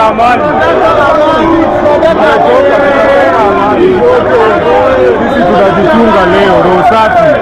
tunataka amani, sisi tunajichunga leo, roho safi.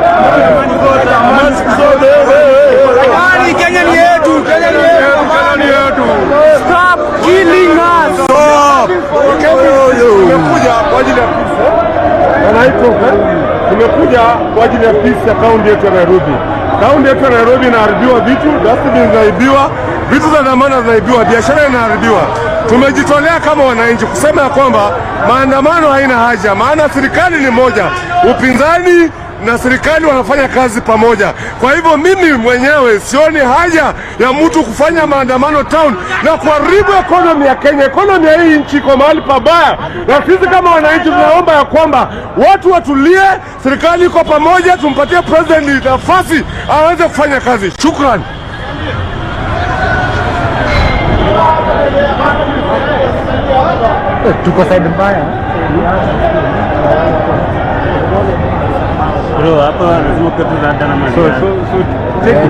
Tumekuja kwa ajili ya peace. ya kaunti yetu ya Nairobi. Kaunti yetu ya Nairobi inaharibiwa vitu, dustbin zinaharibiwa, vitu za dhamana zinaibiwa, biashara inaharibiwa tumejitolea kama wananchi kusema ya kwamba maandamano haina haja, maana serikali ni moja, upinzani na serikali wanafanya kazi pamoja. Kwa hivyo mimi mwenyewe sioni haja ya mtu kufanya maandamano town na kuharibu ekonomi ya Kenya. Ekonomi ya hii nchi iko mahali pabaya, na sisi kama wananchi tunaomba ya kwamba watu watulie, serikali iko pamoja, tumpatie president nafasi aweze kufanya kazi. Shukrani tuko side mbaya bro, hapa lazima kwa tunaenda na mali. So so so check check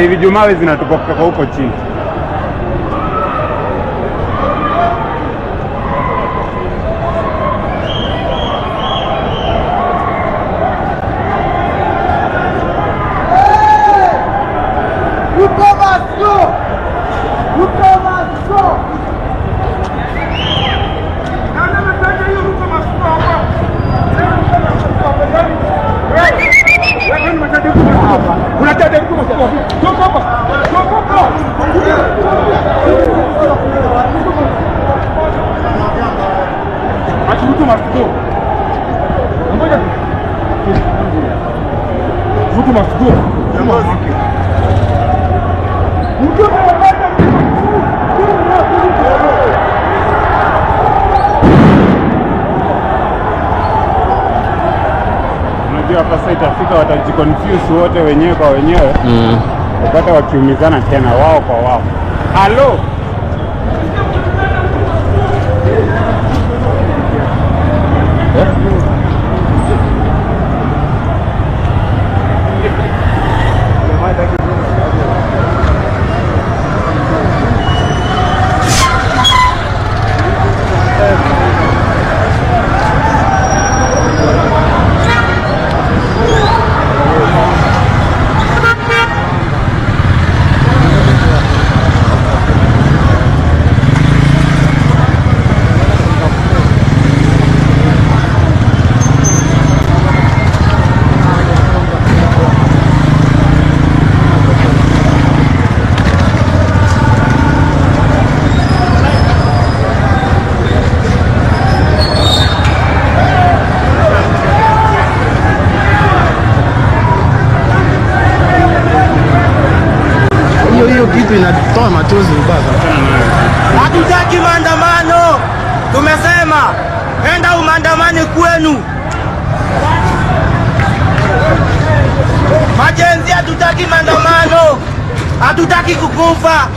hivi Jumaa zinatupa huko chini. Huku mafukuo. Unajua hapa sasa itafika watajikonfuse wote wenyewe kwa wenyewe. Mm. Wapata wakiumizana tena wao kwa wao. Halo. kitu inatoa machozi baba. Hatutaki maandamano, tumesema enda umaandamani kwenu. Majenzi, hatutaki maandamano, hatutaki kukufa.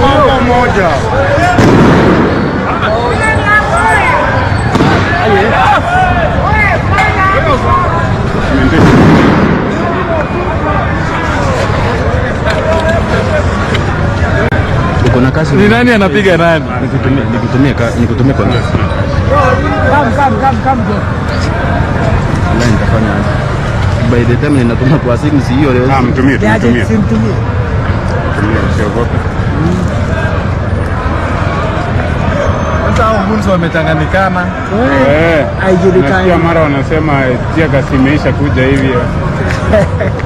Mama moja ni nani anapiga nani? Nikutumie nikutumie kwa nani? By the time ninatuma kwa simu si hiyo leo. Ah, Mtumie, mtumie kutumia, usiogope. Wagunzi wametanganyikana, eh, haijulikani. Mara wanasema tiagasi eh, imeisha kuja hivyo